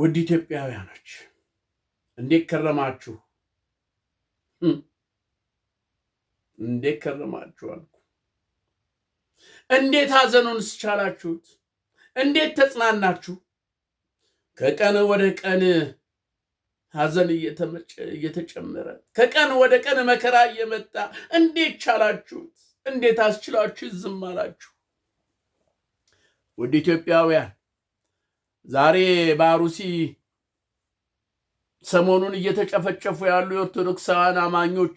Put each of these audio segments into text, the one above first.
ውድ ኢትዮጵያውያኖች እንዴት ከረማችሁ? እንዴት ከረማችሁ አልኩ። እንዴት ሐዘኑን ስቻላችሁት? እንዴት ተጽናናችሁ? ከቀን ወደ ቀን ሐዘን እየተጨመረ ከቀን ወደ ቀን መከራ እየመጣ እንዴት ቻላችሁት? እንዴት አስችላችሁ ዝም አላችሁ? ውድ ኢትዮጵያውያን ዛሬ በአሩሲ ሰሞኑን እየተጨፈጨፉ ያሉ የኦርቶዶክሳውያን አማኞች፣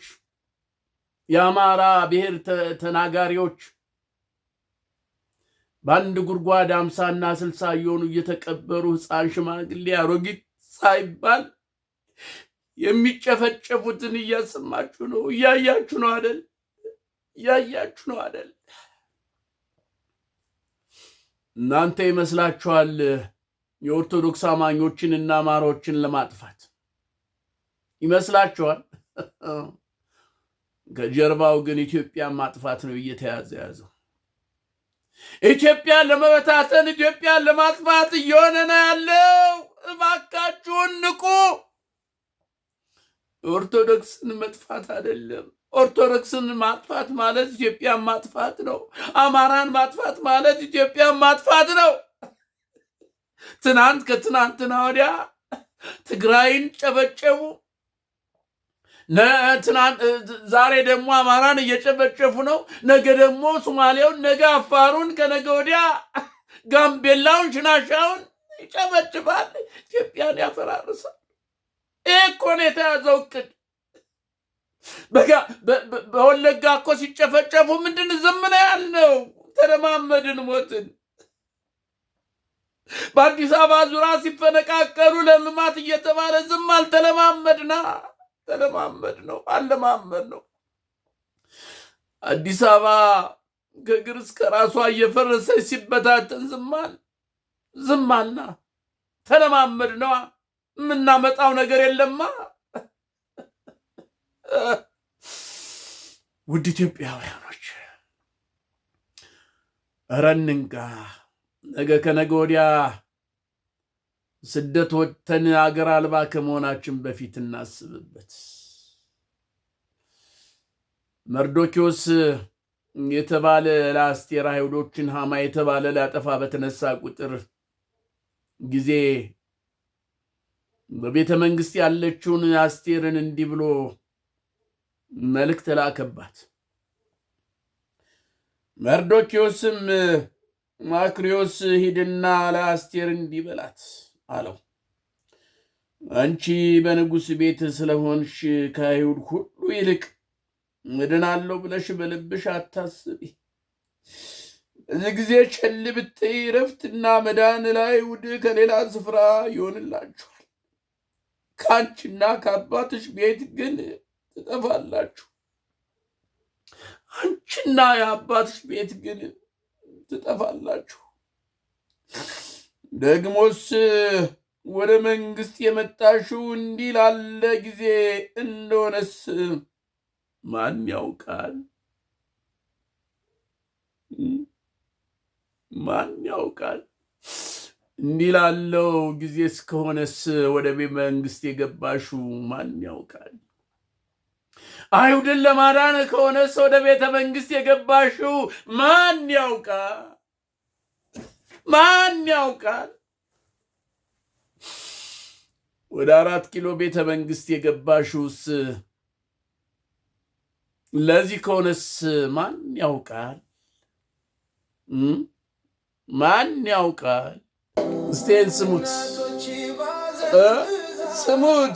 የአማራ ብሔር ተናጋሪዎች በአንድ ጉድጓድ አምሳና ስልሳ እየሆኑ እየተቀበሩ ሕፃን ሽማግሌ አሮጊት ሳይባል የሚጨፈጨፉትን እያሰማችሁ ነው፣ እያያችሁ ነው አደል? እያያችሁ ነው አደል? እናንተ ይመስላችኋል የኦርቶዶክስ አማኞችን ማሮችን አማራዎችን ለማጥፋት ይመስላችኋል? ከጀርባው ግን ኢትዮጵያን ማጥፋት ነው እየተያዘ ያዘው። ኢትዮጵያን ለመበታተን፣ ኢትዮጵያን ለማጥፋት እየሆነ ነው ያለው። እባካችሁን ንቁ። ኦርቶዶክስን መጥፋት አይደለም። ኦርቶዶክስን ማጥፋት ማለት ኢትዮጵያን ማጥፋት ነው። አማራን ማጥፋት ማለት ኢትዮጵያን ማጥፋት ነው። ትናንት ከትናንትና ወዲያ ትግራይን ጨበጨቡ ዛሬ ደግሞ አማራን እየጨበጨፉ ነው። ነገ ደግሞ ሱማሌውን ነገ አፋሩን፣ ከነገ ወዲያ ጋምቤላውን፣ ሽናሻውን ይጨፈጭፋል። ኢትዮጵያን ያፈራርሳል። ይህ እኮ ነው የተያዘው እቅድ። በወለጋ እኮ ሲጨፈጨፉ ምንድን ዝም ነው ያልነው? ተለማመድን፣ ሞትን በአዲስ አበባ ዙሪያ ሲፈነቃቀሉ ለልማት እየተባለ ዝም አልተለማመድና ተለማመድ ነው አለማመድ ነው። አዲስ አበባ ከእግር እስከ ራሷ እየፈረሰች ሲበታተን ዝማል ዝማልና ተለማመድ ነዋ። የምናመጣው ነገር የለማ። ውድ ኢትዮጵያውያኖች እረ ነገ ከነገ ወዲያ ስደት ወጥተን አገር አልባ ከመሆናችን በፊት እናስብበት። መርዶኪዎስ የተባለ ለአስቴር አይሁዶችን ሃማ የተባለ ሊያጠፋ በተነሳ ቁጥር ጊዜ በቤተ መንግስት ያለችውን አስቴርን እንዲህ ብሎ መልእክት ላከባት። መርዶኪዎስም ማክሪዮስ ሂድና ለአስቴር እንዲበላት አለው። አንቺ በንጉሥ ቤት ስለሆንሽ ከአይሁድ ሁሉ ይልቅ እድናለሁ ብለሽ በልብሽ አታስቢ። በዚህ ጊዜ ቸል ብትይ ረፍትና መዳን ለአይሁድ ከሌላ ስፍራ ይሆንላችኋል፣ ከአንቺና ከአባትሽ ቤት ግን ትጠፋላችሁ። አንቺና የአባትሽ ቤት ግን ትጠፋላችሁ። ደግሞስ ወደ መንግሥት የመጣሽው እንዲህ ላለ ጊዜ እንደሆነስ ማን ያውቃል? ማን ያውቃል? እንዲህ ላለው ጊዜ እስከሆነስ ወደ ቤተ መንግሥት የገባሽው ማን ያውቃል? አይሁድን ለማዳን ከሆነስ ወደ ቤተ መንግስት የገባሽው ማን ያውቃል? ማን ያውቃል? ወደ አራት ኪሎ ቤተ መንግስት የገባሽውስ ለዚህ ከሆነስ ማን ያውቃል? ማን ያውቃል? እስቴን ስሙት ስሙት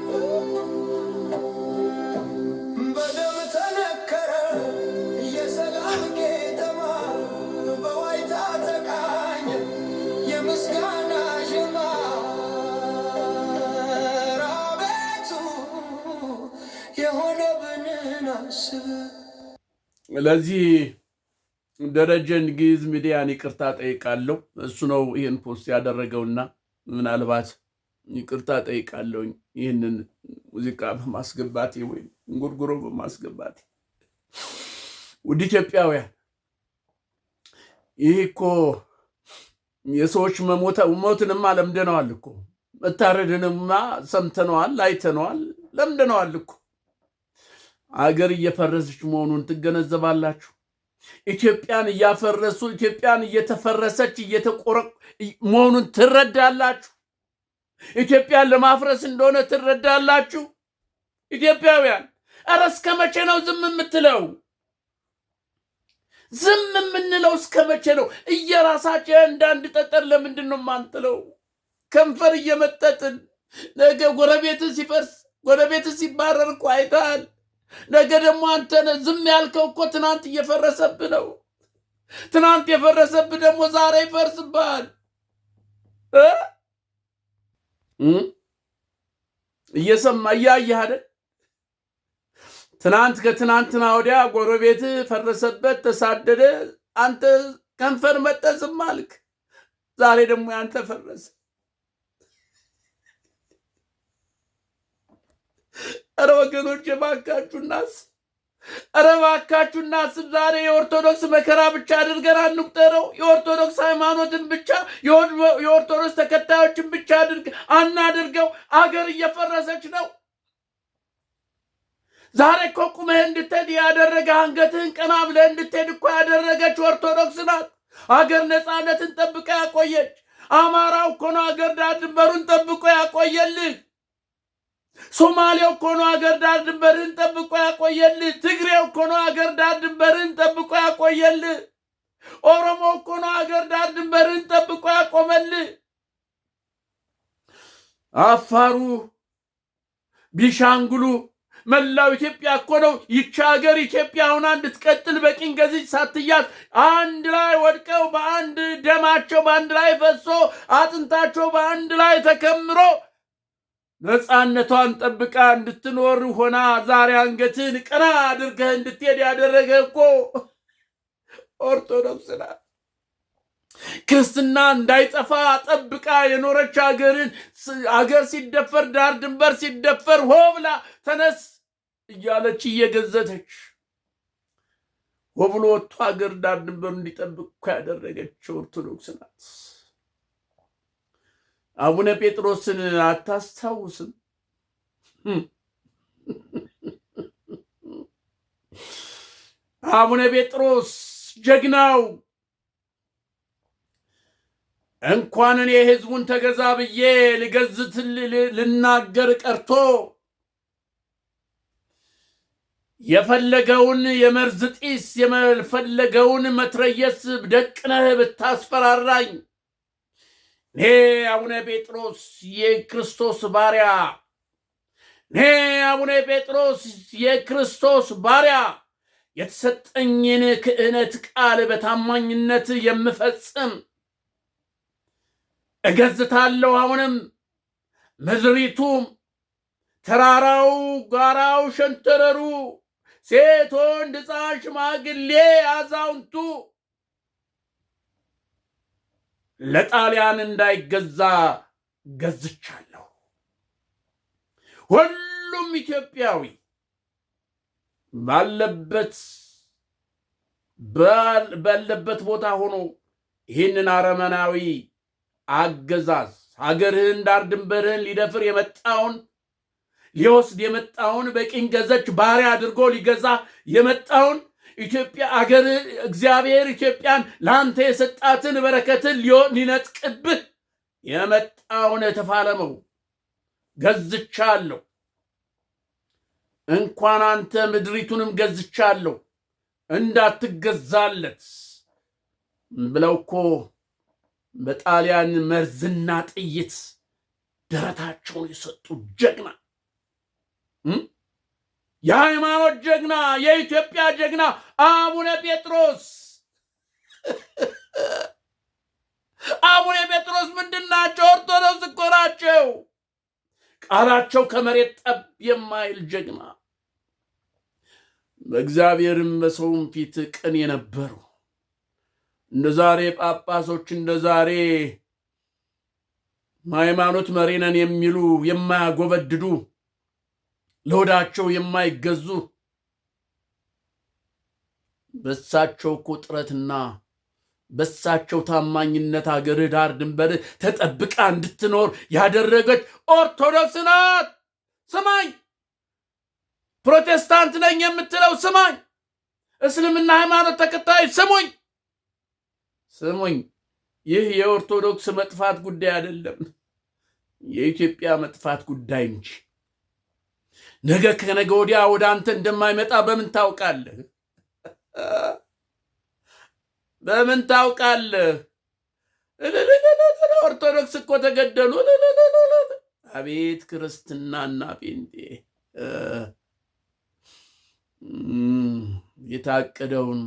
የሆነ ብንን ለዚህ ደረጀን እንግሊዝ ሚዲያን ይቅርታ ጠይቃለሁ። እሱ ነው ይህን ፖስት ያደረገውና ምናልባት ይቅርታ ጠይቃለሁ ይህንን ሙዚቃ በማስገባቴ ወይም እንጉርጉሮ በማስገባቴ። ውድ ኢትዮጵያውያን ይህ እኮ የሰዎች ሞትንማ ለምደነዋል እኮ መታረድንማ ሰምተነዋል፣ አይተነዋል፣ ለምደነዋል እኮ አገር እየፈረሰች መሆኑን ትገነዘባላችሁ። ኢትዮጵያን እያፈረሱ ኢትዮጵያን እየተፈረሰች እየተቆረ መሆኑን ትረዳላችሁ። ኢትዮጵያን ለማፍረስ እንደሆነ ትረዳላችሁ። ኢትዮጵያውያን እረ እስከ መቼ ነው ዝም የምትለው? ዝም የምንለው እስከ መቼ ነው? እየራሳችን እንዳንድ ጠጠር ለምንድን ነው ማንትለው? ከንፈር እየመጠጥን ነገ ጎረቤትን ሲፈርስ ጎረቤትን ሲባረር እኮ አይተሃል። ነገ ደግሞ አንተ ዝም ያልከው እኮ ትናንት እየፈረሰብ ነው። ትናንት የፈረሰብ ደግሞ ዛሬ ይፈርስብሃል። እየሰማ እያየህ አይደል? ትናንት ከትናንትና ወዲያ ጎረቤት ፈረሰበት፣ ተሳደደ። አንተ ከንፈር መጠ ዝም አልክ። ዛሬ ደግሞ ያንተ ፈረሰ። ኧረ ወገኖች እባካችሁ ዛሬ የኦርቶዶክስ መከራ ብቻ አድርገን አንቁጠረው። የኦርቶዶክስ ሃይማኖትን ብቻ የኦርቶዶክስ ተከታዮችን ብቻ አድርግ አናድርገው። አገር እየፈረሰች ነው። ዛሬ እኮ ቁመህ እንድትሄድ ያደረገ አንገትህን ቀና ብለህ እንድትሄድ እኮ ያደረገች ኦርቶዶክስ ናት። አገር ነፃነትን ጠብቀ ያቆየች አማራው እኮ ነው አገር ዳር ድንበሩን ጠብቆ ያቆየልህ። ሶማሌው እኮ ነው አገር ዳር ድንበርን ጠብቆ ያቆየል። ትግሬው እኮ ነው አገር ዳር ድንበርን ጠብቆ ያቆየል። ኦሮሞ እኮ ነው አገር ዳር ድንበርን ጠብቆ ያቆመል። አፋሩ፣ ቢሻንጉሉ መላው ኢትዮጵያ እኮ ነው ይቺ ሀገር ኢትዮጵያ ሆና እንድትቀጥል በቅኝ ገዝጅ ሳትያዝ አንድ ላይ ወድቀው በአንድ ደማቸው በአንድ ላይ ፈሶ አጥንታቸው በአንድ ላይ ተከምሮ ነፃነቷን ጠብቃ እንድትኖር ሆና ዛሬ አንገትን ቀና አድርገህ እንድትሄድ ያደረገ እኮ ኦርቶዶክስ ናት። ክርስትና እንዳይጠፋ ጠብቃ የኖረች አገርን አገር ሲደፈር ዳር ድንበር ሲደፈር ሆ ብላ ተነስ እያለች እየገዘተች ሆ ብሎ ወጥቶ አገር ዳር ድንበር እንዲጠብቅ እኮ ያደረገች ኦርቶዶክስ ናት። አቡነ ጴጥሮስን አታስታውስም? አቡነ ጴጥሮስ ጀግናው እንኳን እኔ ህዝቡን ተገዛ ብዬ ልገዝት ልናገር ቀርቶ የፈለገውን የመርዝ ጢስ የፈለገውን መትረየስ ደቅነህ ብታስፈራራኝ እኔ አቡነ ጴጥሮስ የክርስቶስ ባሪያ፣ እኔ አቡነ ጴጥሮስ የክርስቶስ ባሪያ የተሰጠኝን ክህነት ቃል በታማኝነት የምፈጽም እገዝታለሁ። አሁንም ምድሪቱም፣ ተራራው፣ ጋራው፣ ሸንተረሩ፣ ሴት ወንድ፣ ሕፃን፣ ሽማግሌ፣ አዛውንቱ ለጣሊያን እንዳይገዛ ገዝቻለሁ። ሁሉም ኢትዮጵያዊ ባለበት ባለበት ቦታ ሆኖ ይህንን አረመናዊ አገዛዝ ሀገርህን ዳር ድንበርህን ሊደፍር የመጣውን ሊወስድ የመጣውን በቂን ገዘች ባሪያ አድርጎ ሊገዛ የመጣውን ኢትዮጵያ አገር እግዚአብሔር ኢትዮጵያን ለአንተ የሰጣትን በረከትን ሊነጥቅብህ የመጣውን የተፋለመው ገዝቻለሁ። እንኳን አንተ ምድሪቱንም ገዝቻለሁ እንዳትገዛለት ብለው እኮ በጣሊያን መርዝና ጥይት ደረታቸውን የሰጡ ጀግና የሃይማኖት ጀግና የኢትዮጵያ ጀግና አቡነ ጴጥሮስ አቡነ ጴጥሮስ ምንድን ናቸው? ኦርቶዶክስ እኮ ናቸው። ቃላቸው ከመሬት ጠብ የማይል ጀግና፣ በእግዚአብሔርም በሰውም ፊት ቅን የነበሩ እንደ ዛሬ ጳጳሶች እንደ ዛሬ ሃይማኖት መሪነን የሚሉ የማያጎበድዱ ለወዳቸው የማይገዙ በሳቸው ቁጥረትና በሳቸው ታማኝነት አገር ዳር ድንበር ተጠብቃ እንድትኖር ያደረገች ኦርቶዶክስ ናት። ስማኝ፣ ፕሮቴስታንት ነኝ የምትለው ስማኝ፣ እስልምና ሃይማኖት ተከታዮች ስሙኝ፣ ስሙኝ። ይህ የኦርቶዶክስ መጥፋት ጉዳይ አይደለም፣ የኢትዮጵያ መጥፋት ጉዳይ እንጂ ነገ ከነገ ወዲያ ወደ አንተ እንደማይመጣ በምን ታውቃለህ? በምን ታውቃለህ? ኦርቶዶክስ እኮ ተገደሉ። አቤት ክርስትናና ጴንጤ የታቀደውን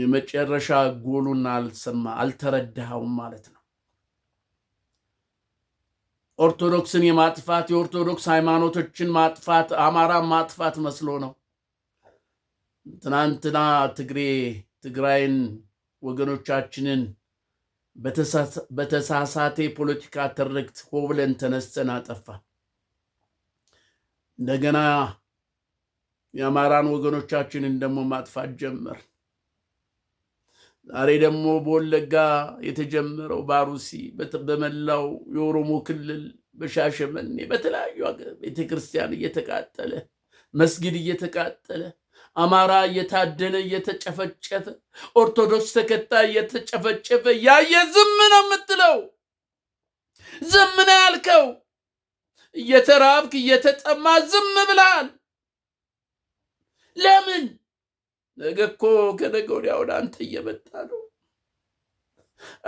የመጨረሻ ጎሉን አልሰማ አልተረዳኸውም ማለት ነው። ኦርቶዶክስን የማጥፋት የኦርቶዶክስ ሃይማኖቶችን ማጥፋት አማራ ማጥፋት መስሎ ነው። ትናንትና ትግሬ ትግራይን ወገኖቻችንን በተሳሳተ ፖለቲካ ትርክት ሆ ብለን ተነስተን አጠፋ እንደገና የአማራን ወገኖቻችንን ደግሞ ማጥፋት ጀመር። ዛሬ ደግሞ በወለጋ የተጀመረው ባሩሲ በመላው የኦሮሞ ክልል በሻሸመኔ በተለያዩ ቤተክርስቲያን እየተቃጠለ መስጊድ እየተቃጠለ አማራ እየታደነ እየተጨፈጨፈ ኦርቶዶክስ ተከታይ እየተጨፈጨፈ ያየ ዝም ነው የምትለው? ዝም ነው ያልከው? እየተራብክ እየተጠማ ዝም ብላል። ለምን ነገ እኮ ከነገ ወዲያ ወደ አንተ እየመጣ ነው።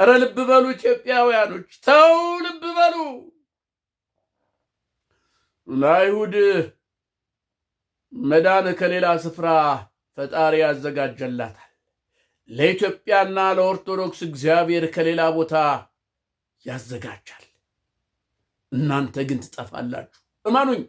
እረ ልብ በሉ ኢትዮጵያውያኖች፣ ተው ልብ በሉ። ለአይሁድ መዳን ከሌላ ስፍራ ፈጣሪ ያዘጋጀላታል። ለኢትዮጵያና ለኦርቶዶክስ እግዚአብሔር ከሌላ ቦታ ያዘጋጃል። እናንተ ግን ትጠፋላችሁ። እማኑኝ።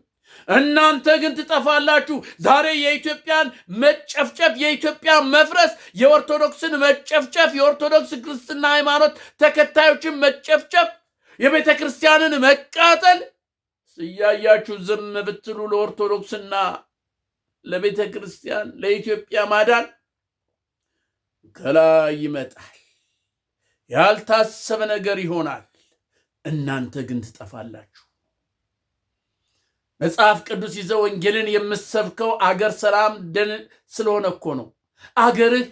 እናንተ ግን ትጠፋላችሁ። ዛሬ የኢትዮጵያን መጨፍጨፍ፣ የኢትዮጵያን መፍረስ፣ የኦርቶዶክስን መጨፍጨፍ፣ የኦርቶዶክስ ክርስትና ሃይማኖት ተከታዮችን መጨፍጨፍ፣ የቤተ ክርስቲያንን መቃጠል እያያችሁ ዝም ብትሉ ለኦርቶዶክስና ለቤተ ክርስቲያን ለኢትዮጵያ ማዳን ከላይ ይመጣል። ያልታሰበ ነገር ይሆናል። እናንተ ግን ትጠፋላችሁ። መጽሐፍ ቅዱስ ይዘ ወንጌልን የምሰብከው አገር ሰላም ደን ስለሆነ እኮ ነው። አገርህ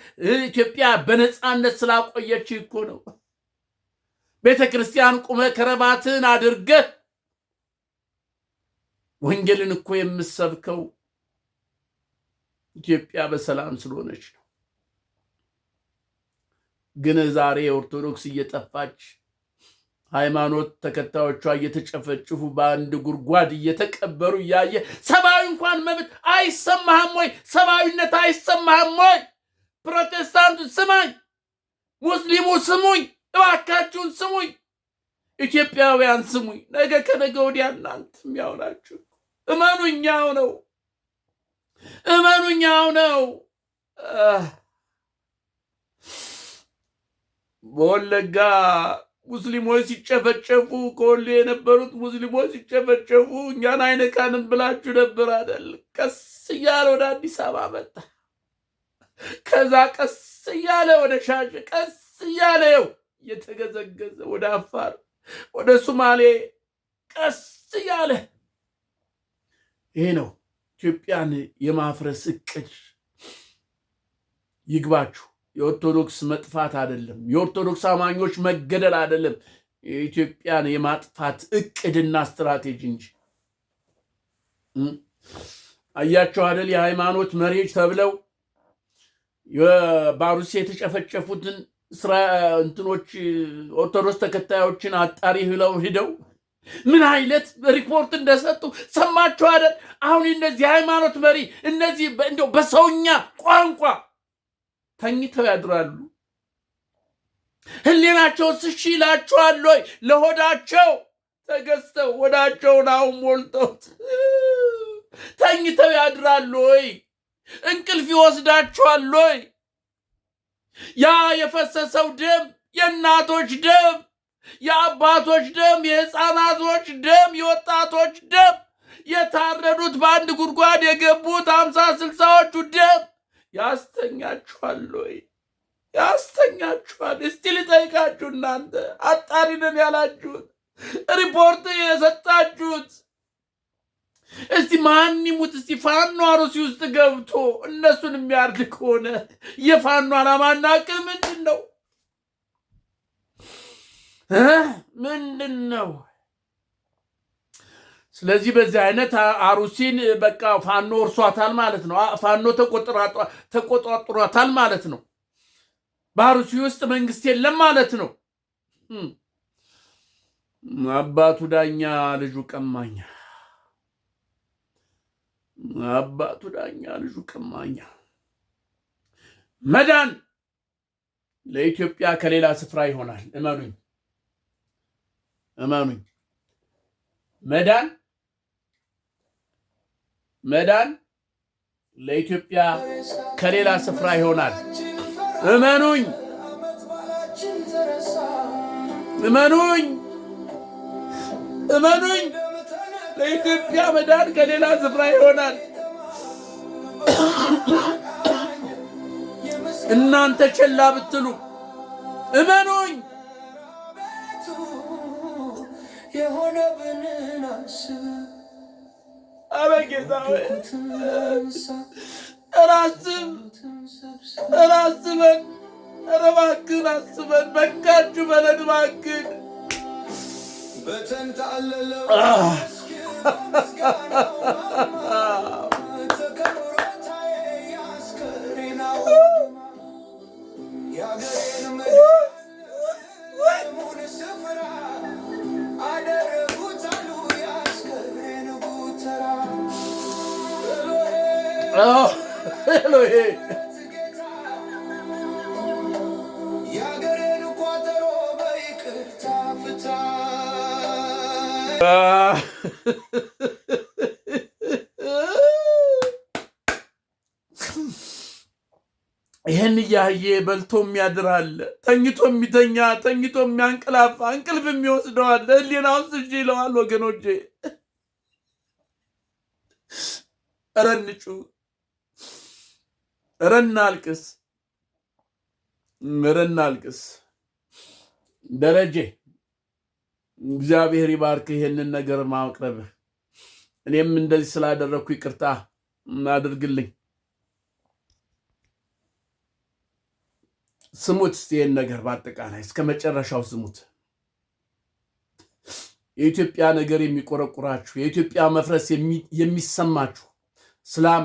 ኢትዮጵያ በነፃነት ስላቆየች እኮ ነው። ቤተ ክርስቲያን ቁመ ከረባትን አድርገህ ወንጌልን እኮ የምሰብከው ኢትዮጵያ በሰላም ስለሆነች ነው። ግን ዛሬ ኦርቶዶክስ እየጠፋች ሃይማኖት ተከታዮቿ እየተጨፈጭፉ በአንድ ጉድጓድ እየተቀበሩ እያየ ሰብአዊ እንኳን መብት አይሰማህም ወይ? ሰብአዊነት አይሰማህም ወይ? ፕሮቴስታንቱ ስማኝ፣ ሙስሊሙ ስሙኝ፣ እባካችሁን ስሙኝ፣ ኢትዮጵያውያን ስሙኝ። ነገ ከነገ ወዲያ እናንተ የሚያውናችሁ እመኑኛው ነው፣ እመኑኛው ነው። በወለጋ ሙስሊሞች ሲጨፈጨፉ ከወሎ የነበሩት ሙስሊሞች ሲጨፈጨፉ እኛን አይነካንም ብላችሁ ነበር አይደል? ቀስ እያለ ወደ አዲስ አበባ መጣ። ከዛ ቀስ እያለ ወደ ሻሸ፣ ቀስ እያለ ይኸው እየተገዘገዘ ወደ አፋር፣ ወደ ሱማሌ ቀስ እያለ ይሄ ነው ኢትዮጵያን የማፍረስ እቅድ። ይግባችሁ። የኦርቶዶክስ መጥፋት አይደለም፣ የኦርቶዶክስ አማኞች መገደል አይደለም፣ የኢትዮጵያን የማጥፋት እቅድና ስትራቴጂ እንጂ። አያቸው አደል የሃይማኖት መሪዎች ተብለው ባሩሴ የተጨፈጨፉትን እንትኖች ኦርቶዶክስ ተከታዮችን አጣሪ ብለው ሂደው ምን አይነት ሪፖርት እንደሰጡ ሰማችሁ አይደል? አሁን እነዚህ የሃይማኖት መሪ እነዚህ በሰውኛ ቋንቋ ተኝተው ያድራሉ። ህሊናቸው ስሺ ይላቸዋል ወይ? ለሆዳቸው ተገዝተው ወዳቸውን አሁን ሞልተውት ተኝተው ያድራሉ ወይ? እንቅልፍ ይወስዳቸዋል ወይ? ያ የፈሰሰው ደም የእናቶች ደም፣ የአባቶች ደም፣ የህፃናቶች ደም፣ የወጣቶች ደም፣ የታረዱት በአንድ ጉድጓድ የገቡት አምሳ ስልሳዎቹ ደም ያስተኛችኋል ወይ? ያስተኛችኋል? እስቲ ልጠይቃችሁ እናንተ አጣሪንን ያላችሁት ሪፖርት የሰጣችሁት እስቲ ማን ይሙት እስቲ ፋኖ አሮሲ ውስጥ ገብቶ እነሱን የሚያርድ ከሆነ የፋኖ ዓላማና ዕቅድ ምንድን ነው? ምንድን ነው? ስለዚህ በዚህ አይነት አሩሲን በቃ ፋኖ እርሷታል ማለት ነው። ፋኖ ተቆጣጥሯታል ማለት ነው። በአሩሲ ውስጥ መንግስት የለም ማለት ነው። አባቱ ዳኛ ልጁ ቀማኛ፣ አባቱ ዳኛ ልጁ ቀማኛ። መዳን ለኢትዮጵያ ከሌላ ስፍራ ይሆናል። እመኑኝ፣ እመኑኝ መዳን መዳን ለኢትዮጵያ ከሌላ ስፍራ ይሆናል። እመኑኝ፣ እመኑኝ፣ እመኑኝ። ለኢትዮጵያ መዳን ከሌላ ስፍራ ይሆናል። እናንተ ቸላ ብትሉ እመኑኝ የሆነብንን አስብ አበጌታ ራስብ ራስበን ረባክን አስበን መካችሁ በለን ባክን እያህዬ በልቶም ያድራል፣ ተኝቶ የሚተኛ ተኝቶ የሚያንቀላፋ እንቅልፍ የሚወስደዋል። ህሊናውን ስጅ ይለዋል። ወገኖቼ ረንጩ ረና አልቅስ ረና አልቅስ ደረጀ እግዚአብሔር ይባርክ። ይሄንን ነገር ማቅረብ እኔም እንደዚህ ስላደረግኩ ይቅርታ አድርግልኝ። ስሙት ይህን ነገር በአጠቃላይ እስከ መጨረሻው ስሙት። የኢትዮጵያ ነገር የሚቆረቁራችሁ፣ የኢትዮጵያ መፍረስ የሚሰማችሁ ስላም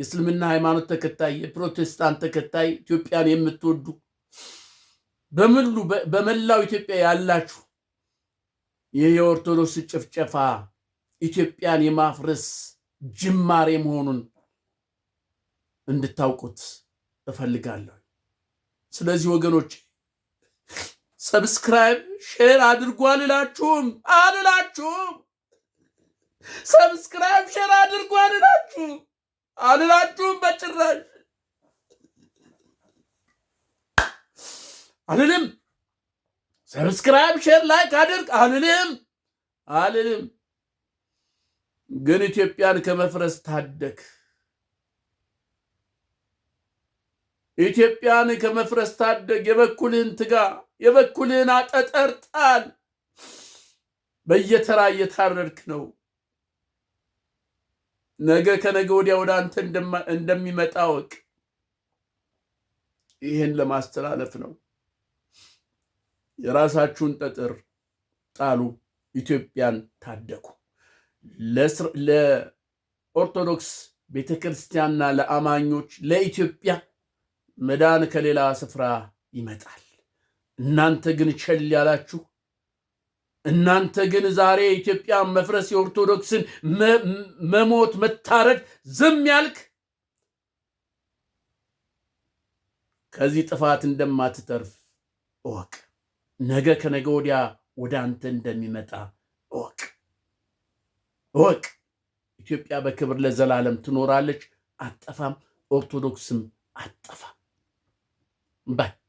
የእስልምና ሃይማኖት ተከታይ፣ የፕሮቴስታንት ተከታይ ኢትዮጵያን የምትወዱ በምሉ በመላው ኢትዮጵያ ያላችሁ ይህ የኦርቶዶክስ ጭፍጨፋ ኢትዮጵያን የማፍረስ ጅማሬ መሆኑን እንድታውቁት እፈልጋለሁ። ስለዚህ ወገኖች ሰብስክራይብ ሼር አድርጉ አልላችሁም አልላችሁም። ሰብስክራይብ ሼር አድርጉ አልላችሁም አልላችሁም በጭራሽ አልልም። ሰብስክራይብ ሼር ላይክ አድርግ አልልም አልልም። ግን ኢትዮጵያን ከመፍረስ ታደግ ኢትዮጵያን ከመፍረስ ታደግ። የበኩልህን ትጋ፣ የበኩልህን አጠጠር ጣል። በየተራ እየታረድክ ነው። ነገ ከነገ ወዲያ ወደ አንተ እንደሚመጣ ወቅ። ይህን ለማስተላለፍ ነው። የራሳችሁን ጠጠር ጣሉ፣ ኢትዮጵያን ታደጉ። ለኦርቶዶክስ ቤተክርስቲያንና ለአማኞች ለኢትዮጵያ መዳን ከሌላ ስፍራ ይመጣል። እናንተ ግን ቸል ያላችሁ፣ እናንተ ግን ዛሬ የኢትዮጵያ መፍረስ የኦርቶዶክስን መሞት መታረድ ዝም ያልክ ከዚህ ጥፋት እንደማትተርፍ እወቅ። ነገ ከነገ ወዲያ ወደ አንተ እንደሚመጣ እወቅ እወቅ። ኢትዮጵያ በክብር ለዘላለም ትኖራለች፣ አጠፋም፣ ኦርቶዶክስም አጠፋም። Bye.